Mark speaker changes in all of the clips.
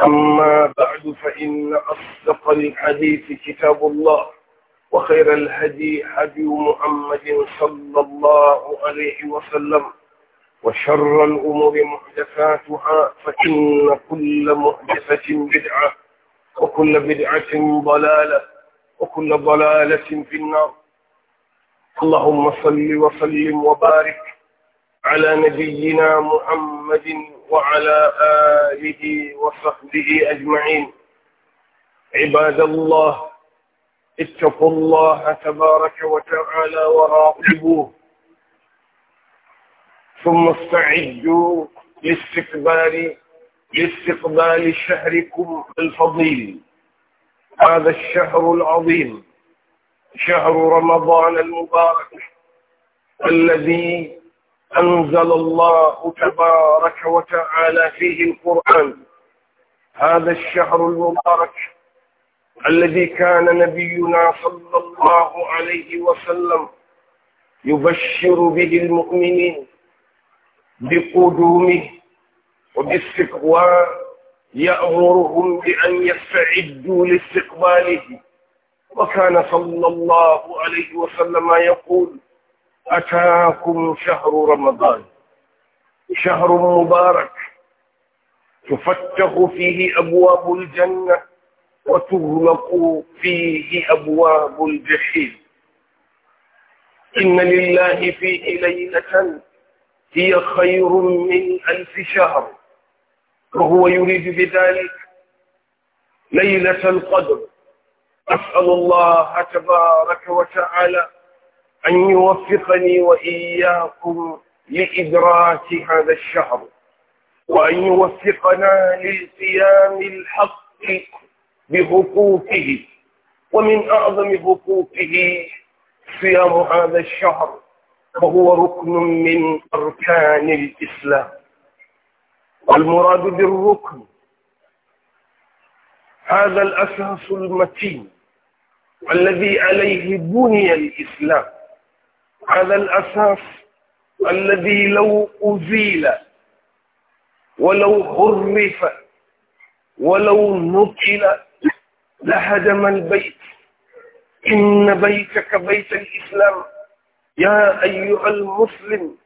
Speaker 1: أما بعد فإن أصدق الحديث كتاب الله وخير الهدي هدي محمد صلى الله عليه وسلم وشر الأمور محدثاتها فإن كل محدثة بدعة وكل بدعة ضلالة وكل ضلالة في النار اللهم صل وسلم وبارك على نبينا محمد وعلى آله وصحبه أجمعين عباد الله اتقوا الله تبارك وتعالى وراقبوه ثم استعدوا لاستقبال لاستقبال شهركم الفضيل هذا الشهر العظيم شهر رمضان المبارك الذي أنزل الله تبارك وتعالى فيه القرآن هذا الشهر المبارك الذي كان نبينا صلى الله عليه وسلم يبشر به المؤمنين بقدومه وباستقبال يأمرهم بأن يستعدوا لاستقباله وكان صلى الله عليه وسلم يقول أتاكم شهر رمضان شهر مبارك تفتح فيه أبواب الجنة وتغلق فيه أبواب الجحيم إن لله فيه ليلة هي خير من ألف شهر وهو يريد بذلك ليلة القدر أسأل الله تبارك وتعالى أن يوفقني وإياكم لإدراك هذا الشهر وأن يوفقنا للقيام الحق بحقوقه ومن أعظم حقوقه صيام هذا الشهر وهو ركن من أركان الإسلام
Speaker 2: والمراد بالركن
Speaker 1: هذا الأساس المتين الذي عليه بني الإسلام على الأساس الذي لو أزيل ولو خرف ولو نقل لهدم البيت إن بيتك بيت الإسلام يا أيها المسلم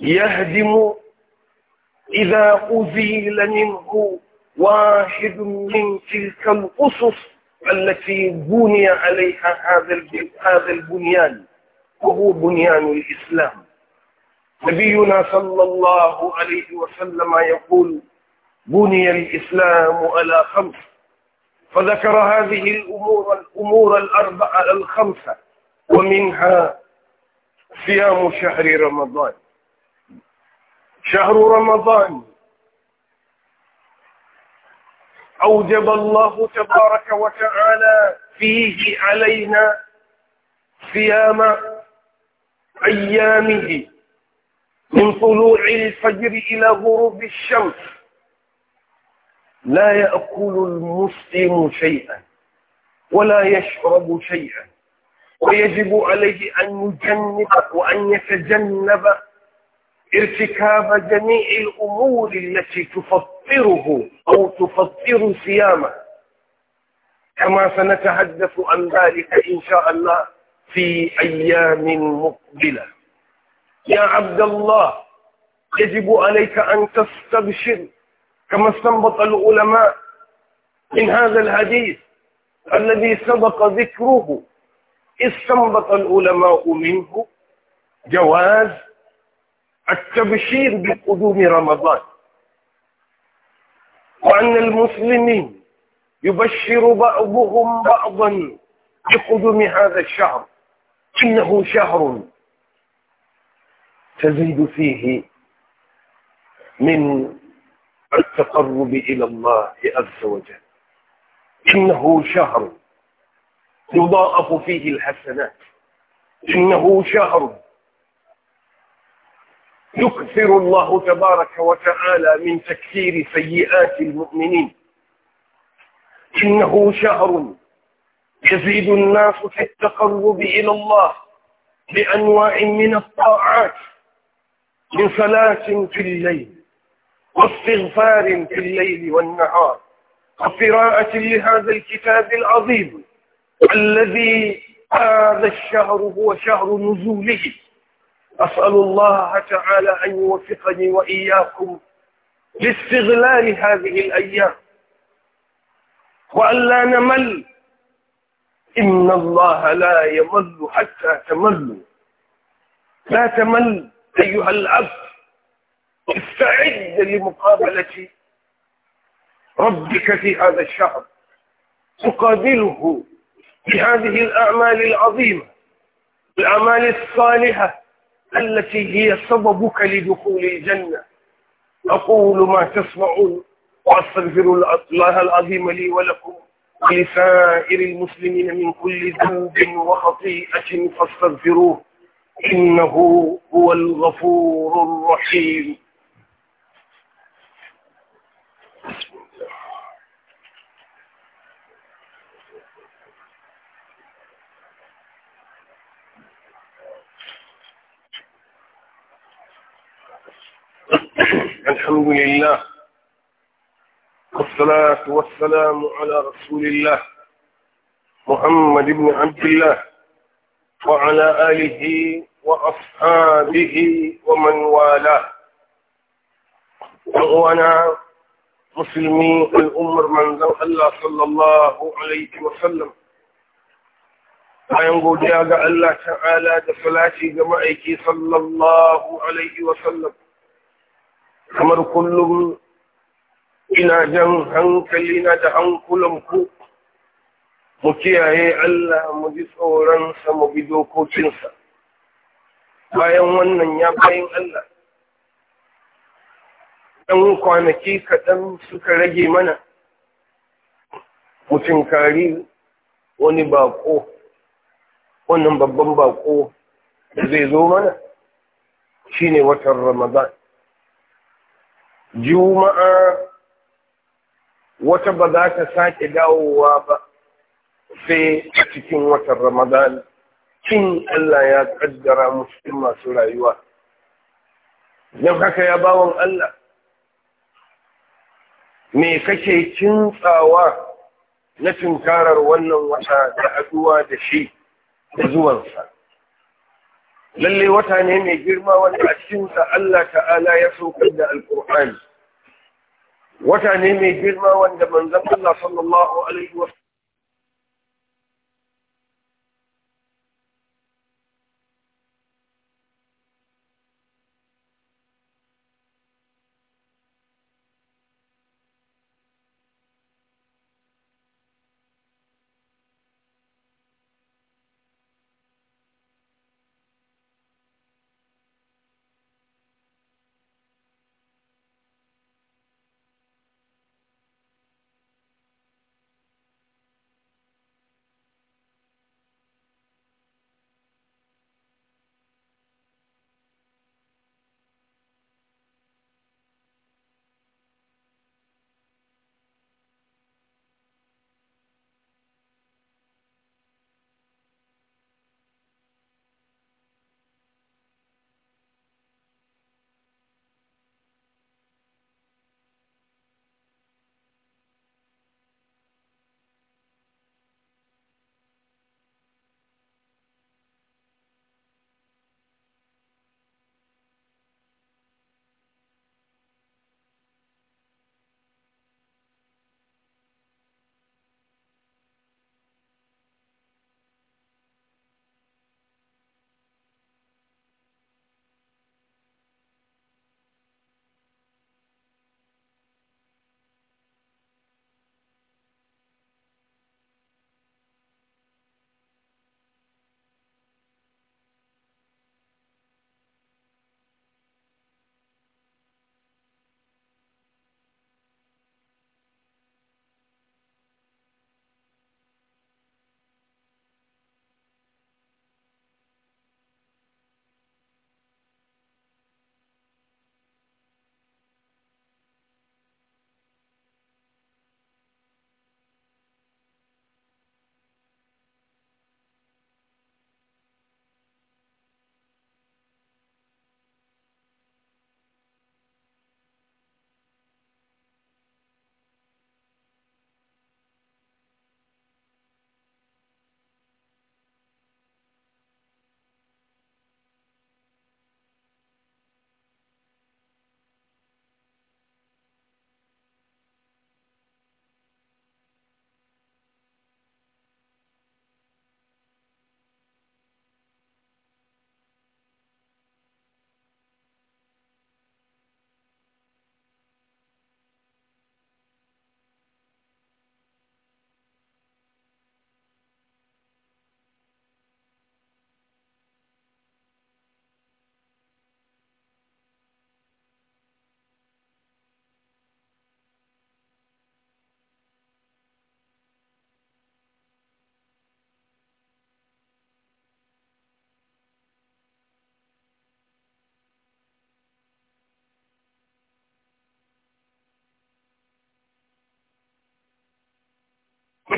Speaker 1: يهدم إذا أزيل منه واحد من تلك الأسس التي بني عليها هذا هذا البنيان وهو بنيان الإسلام نبينا صلى الله عليه وسلم يقول بني الإسلام على خمس فذكر هذه الأمور الأمور الأربعة الخمسة ومنها صيام شهر رمضان شهر رمضان أوجب الله تبارك وتعالى فيه علينا صيام أيامه من طلوع الفجر إلى غروب الشمس لا يأكل المسلم شيئا ولا يشرب شيئا ويجب عليه أن يجنب وأن يتجنب ارتكاب جميع الأمور التي تفطره أو تفطر صيامه كما سنتحدث عن ذلك إن شاء الله في أيام مقبلة يا عبد الله يجب عليك أن تستبشر كما استنبط العلماء من هذا الحديث الذي سبق ذكره استنبط العلماء منه جواز التبشير بقدوم رمضان وأن المسلمين يبشر بعضهم بعضا بقدوم هذا الشهر إنه شهر تزيد فيه من التقرب إلى الله عز وجل إنه شهر يضاعف فيه الحسنات إنه شهر يكثر الله تبارك وتعالى من تكثير سيئات المؤمنين إنه شهر يزيد الناس في التقرب إلى الله بأنواع من الطاعات من صلاة في الليل واستغفار في الليل والنهار وقراءة لهذا الكتاب العظيم الذي هذا الشهر هو شهر نزوله أسأل الله تعالى أن يوفقني وإياكم لاستغلال هذه الأيام وأن لا نمل إن الله لا يمل حتى تملوا لا تمل أيها العبد استعد لمقابلة ربك في هذا الشهر تقابله بهذه الأعمال العظيمة الأعمال الصالحة التي هي سببك لدخول الجنة أقول ما تسمعون وأستغفر الله العظيم لي ولكم ولسائر المسلمين من كل ذنب وخطيئة فاستغفروه إنه هو الغفور الرحيم الحمد لله والصلاة والسلام على رسول الله محمد بن عبد الله وعلى آله وأصحابه ومن والاه وأنا مسلمي الأمر من ذو الله صلى الله عليه وسلم bayan godiya الله تعالى ta'ala da جمعيك صلى الله عليه وسلم wasallam kamar ina jan hankali na da hankulanku mu kiyaye Allah mu ji tsoronsa mu bi dokokinsa bayan wannan ya bayan Allah ɗan kwanaki kaɗan suka rage mana mutum kari wani bako wannan babban bako da zai zo mana shine watan ramadan juma'a wata ba za ka sake dawowa ba sai a cikin watan ramadan cin Allah ya kaddara musu masu rayuwa don haka ya bawon Allah me kake kintsawa na tunkarar wannan wata da haɗuwa da shi da zuwansa lalle wata ne mai girma wanda a cikinsa Allah ta'ala ya saukar da alkur'ani wata ne mai girma wanda manzon Allah sallallahu alaihi wa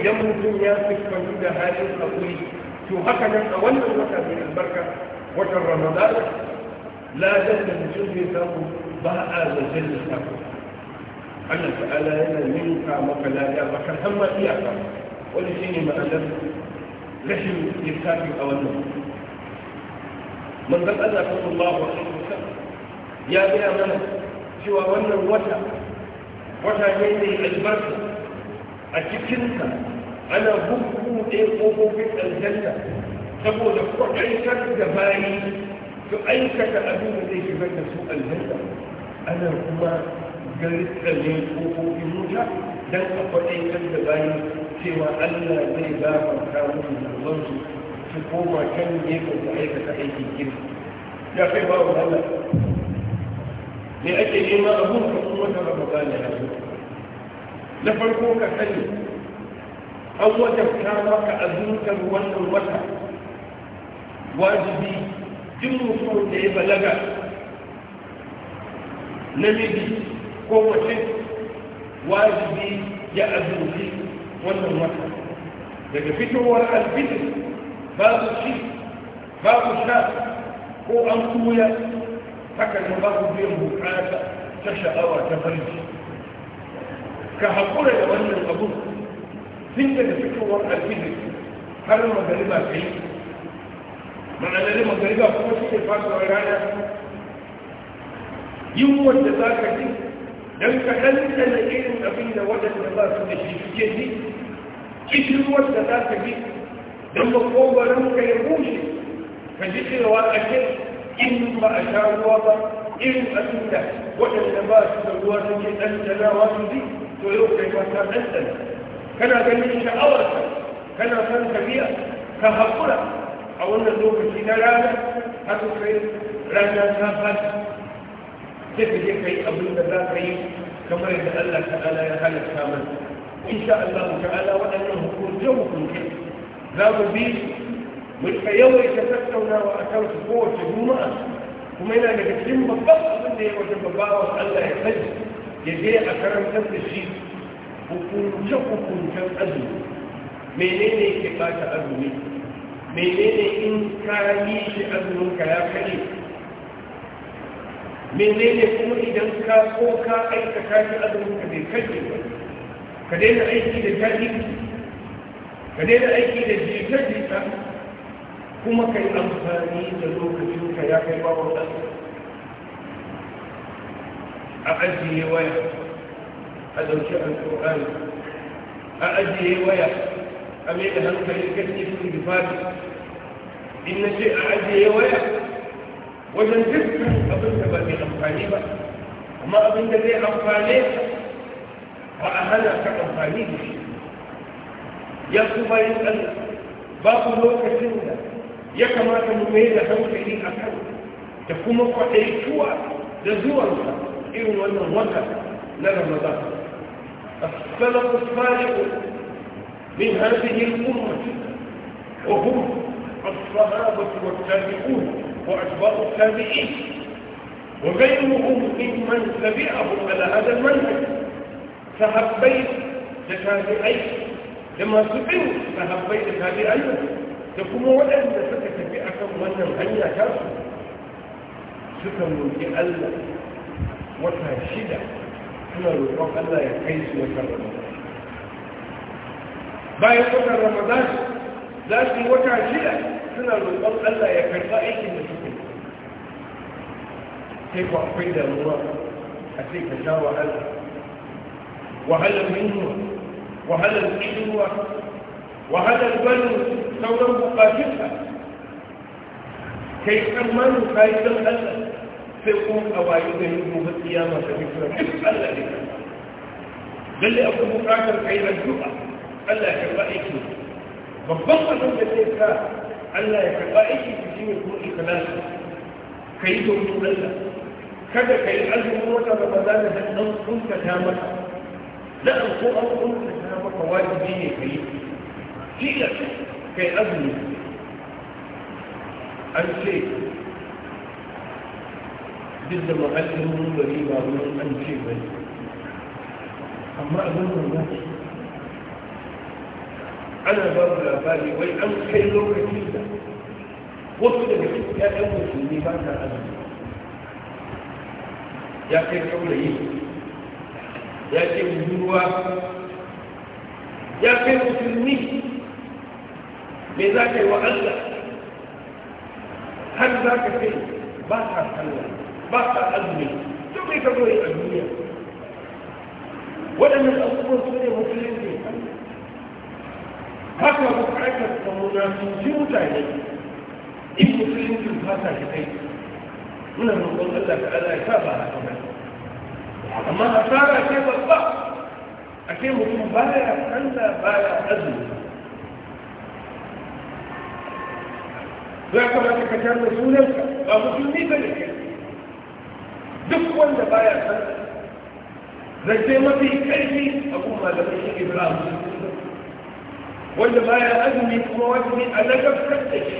Speaker 1: idan mutum ya siffanci da halin haƙuri to haka nan a wannan wata mai albarka watan ramadan ladan da mutum zai samu ba a zajen da samu Allah ta'ala yana ninka maka lada ba kan hamma iyaka wani shine ma'anar rashin lissafi a wannan manzon Allah sallallahu alaihi wasallam ya gaya mana cewa wannan wata wata ne mai albarka a cikinsa ana bubbuɗe ƙofofin aljanna saboda kwaɗaitar da bayi su aikata abin da zai shigar da su aljanna ana kuma garitsale ƙofofin wuta don a kwaɗaitar da bayi cewa allah zai ba gafarta musu zunubansu su koma can gefen su aikata aikin kirki ya kai ba wa allah me ake nema abun ka kuma da ramadana ya na farko ka sani an wajabta maka azurkar wannan wata wajibi duk mutum da ya balaga namiji ko wace wajibi ya azurki wannan wata daga fitowar alfitir babu ci babu sha ko an kuya haka ne babu biyan bukata ta sha'awa ta farji ka haƙura da wannan abu فين كان فكر وضع الفيزيك هل ما جربها فيه ما انا لما جربها فيه فيه فاس وعيانا يوم وجدتها كثير لم تخلت لكين أبين وجد الله سبحانه في جهدي كثير وجدتها كثير لم تقوم برمك يبوشي فجدتها وأشد إن ما أشاء الوضع إن أتنت وجد الله سبحانه في جهدي أنت لا واسدي ويوكي فاسا أنت kana ganin sha'awarka kana son tafiya ka haƙura a wannan lokaci na rana har kai rana ta fata sai ka je ka yi abin da za ka yi kamar yadda Allah ta'ala ya halatta mana insha Allah ta'ala waɗannan hukunce hukunce za mu bi mu ka yawaita tattaunawa a kan su kowace juma'a kuma yana daga cikin babban abin da ya wajen babbawa Allah ya sani ya je a karantar da shi hukunce-hukuncen azumi menene ke bata azumi menene in ka yi shi azumin ka ya kare menene kuma idan ka ko ka aikata shi azumin ka bai kare ba ka daina aiki da jahili ka daina aiki da jita-jita kuma ka yi amfani da lokacin ka ya kai babu a ajiye waya هذا الشيء القرآن أأدي هواية أم يذهب يدهنك في الجفاف إن شيء أأدي هواية وجن جفت أبنك بأبي أمخانيبا وما أبنك بأبي أمخانيبا فأهلا كأمخانيب يا صبايا الله باب الوقت سنة يا كما كان مميز حوك لي تكون مقطعي شوى لزورها إن وانا وقت لرمضان السلف الصالح من هذه الأمة وهم الصحابة والتابعون وأتباع التابعين وغيرهم ممن تبعهم على هذا المنهج فحبيت تتابعين لما سبقوا صحابين تتابعين تقوم ولن تتبعكم وأنهم هيا كافر suka roƙi Allah suna roƙon Allah ya kai su watan Ramadan bayan watan Ramadan za su yi wata shida suna roƙon Allah ya karɓa aikin da suke sai ku akwai damuwa a sai ka sha wahala wahalar yunwa wahalar ƙinuwa wahalar barin sauran bukatunka kai tsammanin kayi don Allah sai kuma a bayi da yin gobe tsiyama da mutuwa duk Allah ne lalle akwai bukatar kai addu'a Allah ya karba aiki babban abin da zai sa Allah ya karba aiki shi ne kuma ikhlasu kai domin Allah kada kai azumin wata ba za da dan kunka ta maka da an ko an kunka ta maka wajibi ne kai kila kai azumi an ce duk da ma'aikin rubari ba wurin an ce ba amma abin da za su ana ba ku labari wai an kai lokacin da wasu daga cikin ƴaƴan musulmi ba ta azumi ya kai kaurayi ya kai budurwa ya kai musulmi me za ka yi wa Allah har za ka kai ba ta sallah ba ka azumi duk mai kabo yi a duniya waɗannan abubuwan su ne musulunci haka bukatar samuna sun ji mutane in musulunci ba ta shi kai muna roƙon Allah ta Allah ya sa ba haka ba amma asara ce babba a ce mutum baya Allah baya azumi za ka ba ka kajar da sunanka ba musulmi ba ne duk wanda baya san zance mafi karfi a kuma malamin shi ibrahim wanda baya azumi kuma ne a lagabtar da shi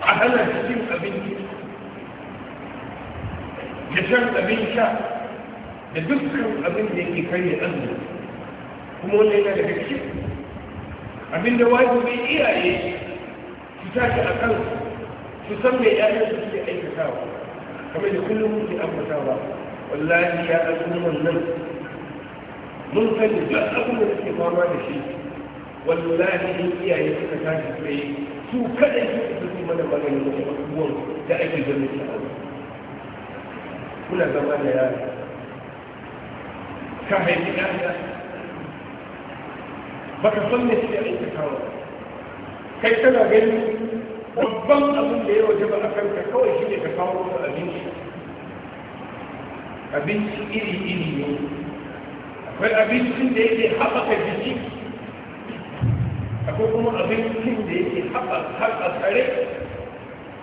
Speaker 1: a hana cikin abinci da shan abin sha da dukkan abin da yake karya azumi kuma wanda yana da gaske da wajibi iyaye su tashi a kansu تسمي أهل في أي مساوى هم يدخلهم في أهل مساوى والله يا أسلم النبي ممكن يجعلكم الاستقامة بشيء والله يجعلكم يا يتكتاج في سوء كل شيء يجعلكم من المغاني المتبقون لأجل جنة الأول في زمان يا كهيت الأهل بكفلني في أهل مساوى كيف تنا جنة babban abin da ya waje ba a kanka kawai shi ne ka kawo musu abinci abinci iri-iri ne akwai abincin da yake haɓaka jiki akwai kuma abincin da yake haɓaka tsare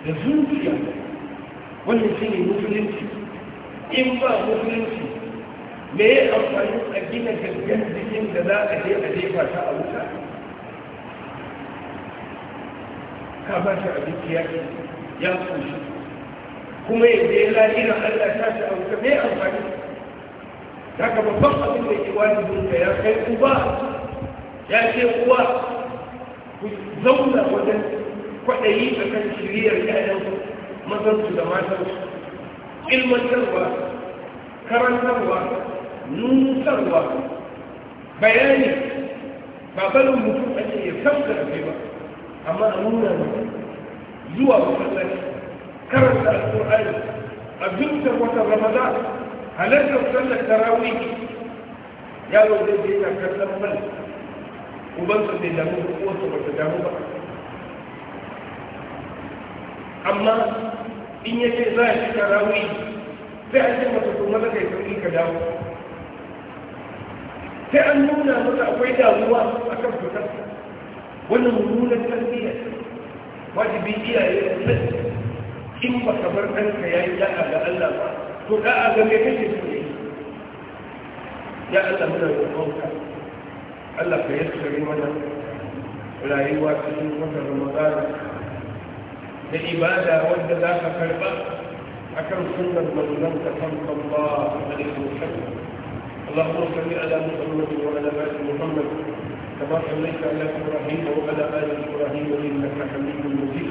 Speaker 1: da zuciya wannan shi ne musulunci in ba musulunci me ya amfani a gina gangan jikin da za a je a jefa ta a wuta ka ba shi abinci ya ce ya kushi kuma ya je lahira Allah ta shi abu mai amfani daga babban abin da ke wani zurka ya kai uba ya ce uwa ku zauna wajen kwaɗayi a kan shiriyar ƴaƴanku mazansu da matansu ilmantarwa karantarwa nusarwa bayani ba barin mutum ake ya san karfe ba amma a nuna zuwa matsayi, karanta a abinta wata ramadan halartar sallar tarawih yaro zai je yana kallon bal ubansa bai damu ba uwarsa ba damu ba amma in ya ce za a shi tarawi sai an ce masa to maza kai sauri ka dawo sai an nuna masa akwai damuwa a kan fitarsa wannan mummunan tarbiyya wajibi iyaye da sassi in ba ka bar ɗanka ya yi da'a ga Allah ba to da'a ga mai kake so ne ya Allah muna roƙonka Allah ka yassare mana rayuwa cikin wata Ramadana da ibada wanda za ka karɓa akan sunnar manzon ka sallallahu alaihi wasallam اللهم صل على محمد وعلى ال محمد كما صليت على إبراهيم وعلى آل إبراهيم إنك حميد مجيد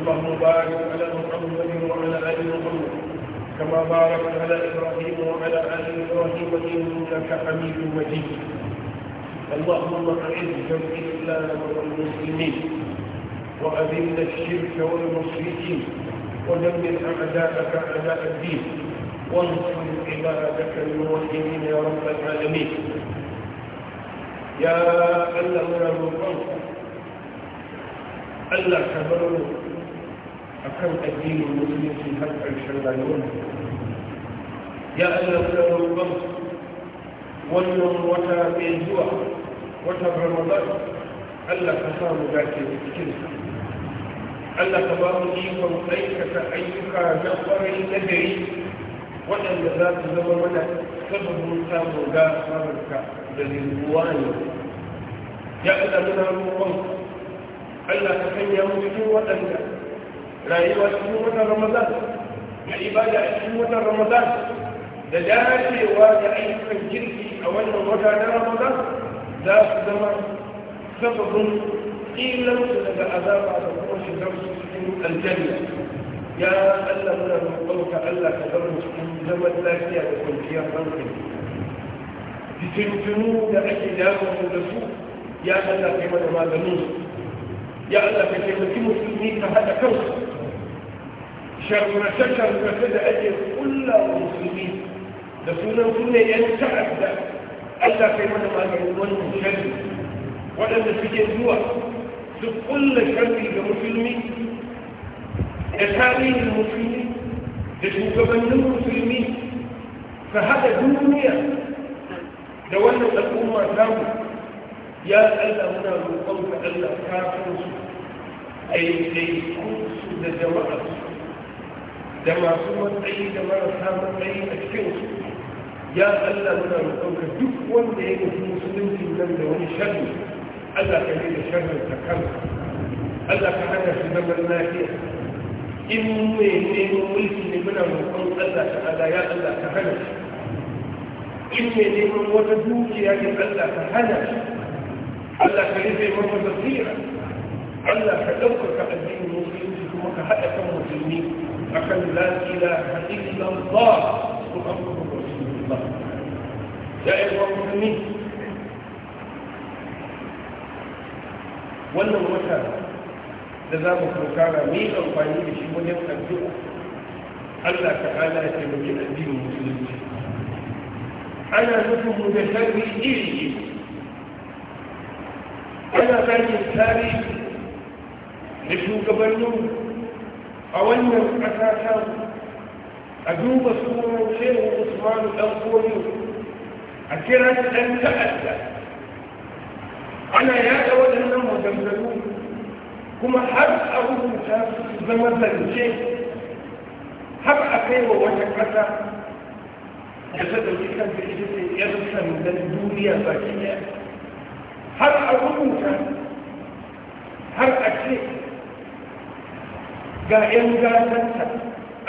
Speaker 1: اللهم بارك على محمد وعلى آل محمد كما باركت على إبراهيم وعلى آل إبراهيم إنك حميد مجيد اللهم أعز جمع الإسلام والمسلمين وأذل الشرك والمشركين ودمر أعداءك أعداء الدين وانصر عبادك الموحدين يا رب العالمين يا ألا أولاد القوم ألا كبروا أكم الدين المسلم في هدف الشيطانون يا ألا أولاد القوم ولو وتا جوع وتا برمضان ألا كسام ذاك الكل ألا كبروا إيكم ليس أيك جفر الأجري وأن ذات زمن ولد سبب تابوا لا سبب كافر للقوان يأذن روحهم Allah ka sanya mu cikin waɗanda rayuwa cikin watan Ramadan da ibada a cikin watan Ramadan da dacewa da ayyukan kirki a wannan wata na Ramadan za su zama sababin tsilansu daga azaba da kuma shigar su cikin aljanna ya Allah muna roƙonka Allah ka zama cikin zaman lafiya da kwanciyar hankali fitintunu da ake damu da su ya Allah kai mana maganin ya Allah ka taimaki musulmi ka haɗa kansu sharmace-sharmace da ake kulla wa musulmi da sunan sunan yan ta'adda Allah kai mana maganin wannan sharri waɗanda suke zuwa su kulla sharri ga musulmi da tarihin musulmi da shugabannin musulmi ka haɗa duniya تولد الأمة ثابت يا ألا هنا من قلت ألا كافر أي أي كنس لجماعة جماعة أي جماعة ثابت أي أكفر يا ألا هنا من قلت دفوا لأن المسلم في المنزل ونشد ألا كبير شر تكرر ألا كهذا في زمن ناكير إني إنه ملك لمنا من قلت ألا كهذا يا ألا كهذا إني من وجدوك يا جبلة فهنا ألا كريم من وجدتير ألا فلوك أدين مسلمتك وكهائك مسلمين فكن لا إله إلا الله سبحانه رسول الله
Speaker 2: يا إخوة مسلمين
Speaker 1: wannan wata da za mu karkara ne amfani da shi wajen ɗanɗuwa allah ta ƙala ya ce mai ɗanɗin musulunci أنا لكم متفري إليه أنا بني الثاني لكم قبلوا أولنا أساسا أدوب سورة شيخ عثمان الأنصوري أكرت أن تأتى أنا يا أولا نمو جمزلون كما حب أبو مسافر زمزمتين حب أكيد وشكتا da ta ɗauki kanta ita ce ‘yar sandan duniya ba baki ɗaya har a rubuta har a ce ga ‘yan gasanta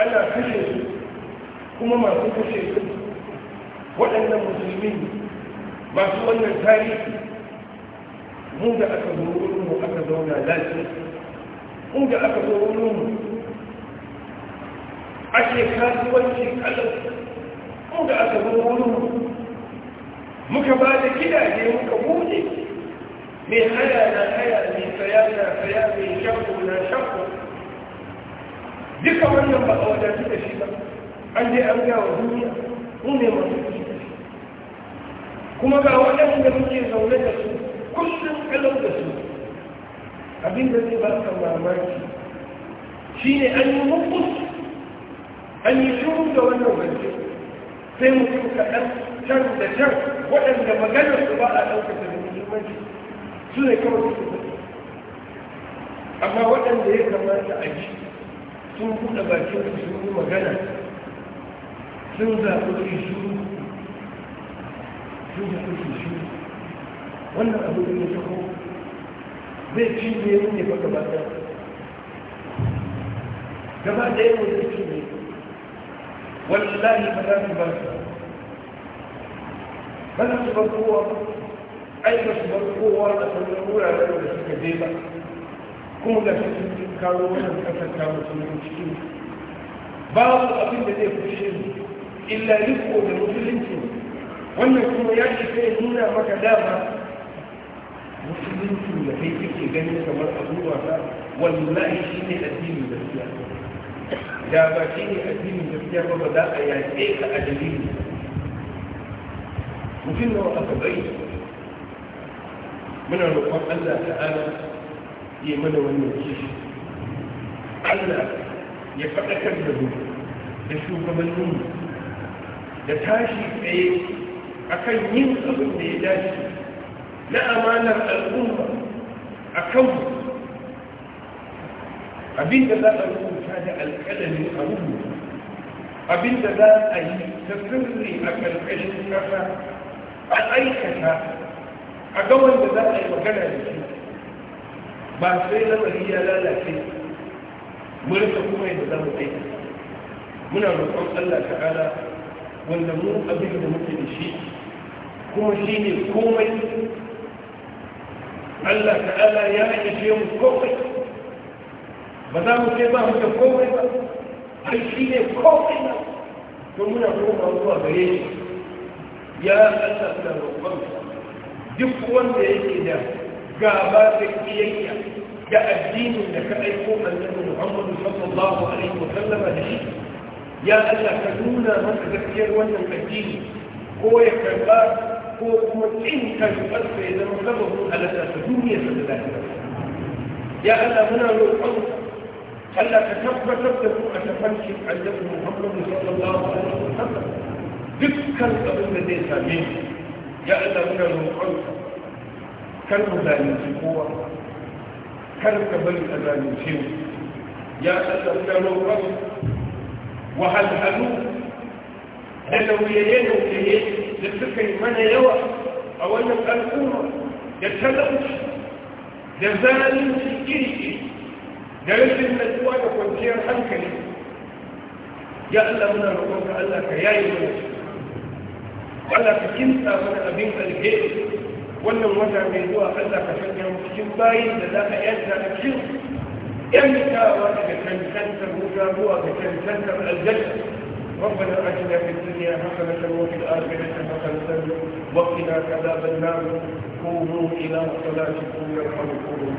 Speaker 1: ana kashe su kuma masu kashe su waɗannan musulmi masu wannan tarihi mu da aka zo wurinmu aka zauna lafiya mu da aka zo wurinmu ake wancan kalan mu da aka zo wurin muka ba da gidaje muka buɗe mai haya na haya mai saya na saya mai shakku na shakku duka wannan ba a wadatu da shi ba an je an gawa duniya mu ne masu kuma ga waɗanda muke zaune da su kullum kalau da su abinda zai ba ka mamaki shi ne an yi mukus an yi shuru da wannan wajen sai mutum kaɗan can da can waɗanda maganar su ba a ɗauka da muhimmanci su ne kawai su ne amma waɗanda ya kamata a ji sun buɗe bakin su sun yi magana sun zaɓi su su sun zaɓi su su wannan abu da ya taho zai cinye ne ba gaba ɗaya gaba ɗaya ne zai cinye ولله فلان بلد من أصبح القوة؟ أين أصبح القوة؟ أصبح القوة على أولئك الكذبة كون لفتن تنكروا من أفتكروا من المشكلة بعض الأبين بديه في الشيء إلا لفقوا من المسلمين وأن يكون يأتي في هنا مكدابة مسلمين لفيتك جنس مرحبوها والله شيء أدين بسيئة da ba shi ne addinin gaskiya ba ba za a yaƙe ka a dalilin mutum nawa aka bai muna roƙon Allah ta'ala ya mana wannan kishi Allah ya faɗakar da mu da shugabannin da tashi tsaye akan yin abin da ya dace na amanar al'umma akan abin da za a ka da alƙalamin a rubuta abinda za a yi ta sirri a ƙarƙashin ƙasa a aikata a ga wanda za a yi magana da shi ba sai lamari ya lalace mu rika kuma yadda za mu aikata muna roƙon Allah ta'ala wanda mu abin da muke da shi kuma shi ne komai Allah ta'ala ya ishe mu komai ba za mu sai ba mu da komai ba ai shi ne komai ba to muna koma zuwa gare shi ya Allah da roƙon duk wanda yake da gaba da kiyayya da addinin da ka aiko annabi Muhammadu sallallahu alaihi wa sallam da shi ya Allah ka nuna masa gaskiyar wannan addini ko ya karba ko kuma tsinka karɓarsa ya zama sababin halatta ta duniya ta da lafiya ya Allah muna roƙon ألا تتبع تبدو أتفلسك عن جبه محمد صلى الله عليه وسلم ذكر أبو الذي سامين يأذن له خلقه كان مدان سقوة كان كبير أذان يا يأذن له خلقه وهل هلو هلو يلينه فيه لتكي من يوى أو أنك يتكلم يتلقش لذلك إيه da rashin natsuwa da kwanciyar hankali ya Allah muna roƙonka Allah ka yayi mana Allah ka kinsa mana abin alheri wannan wata mai zuwa Allah ka sanya mu cikin bayin da za ka yanta a cikin yantawa daga cancantar wuta zuwa ga cancantar aljanna ربنا اتنا في الدنيا حسنه وفي الاخره حسنه وقنا عذاب النار قوموا الى صلاتكم يرحمكم الله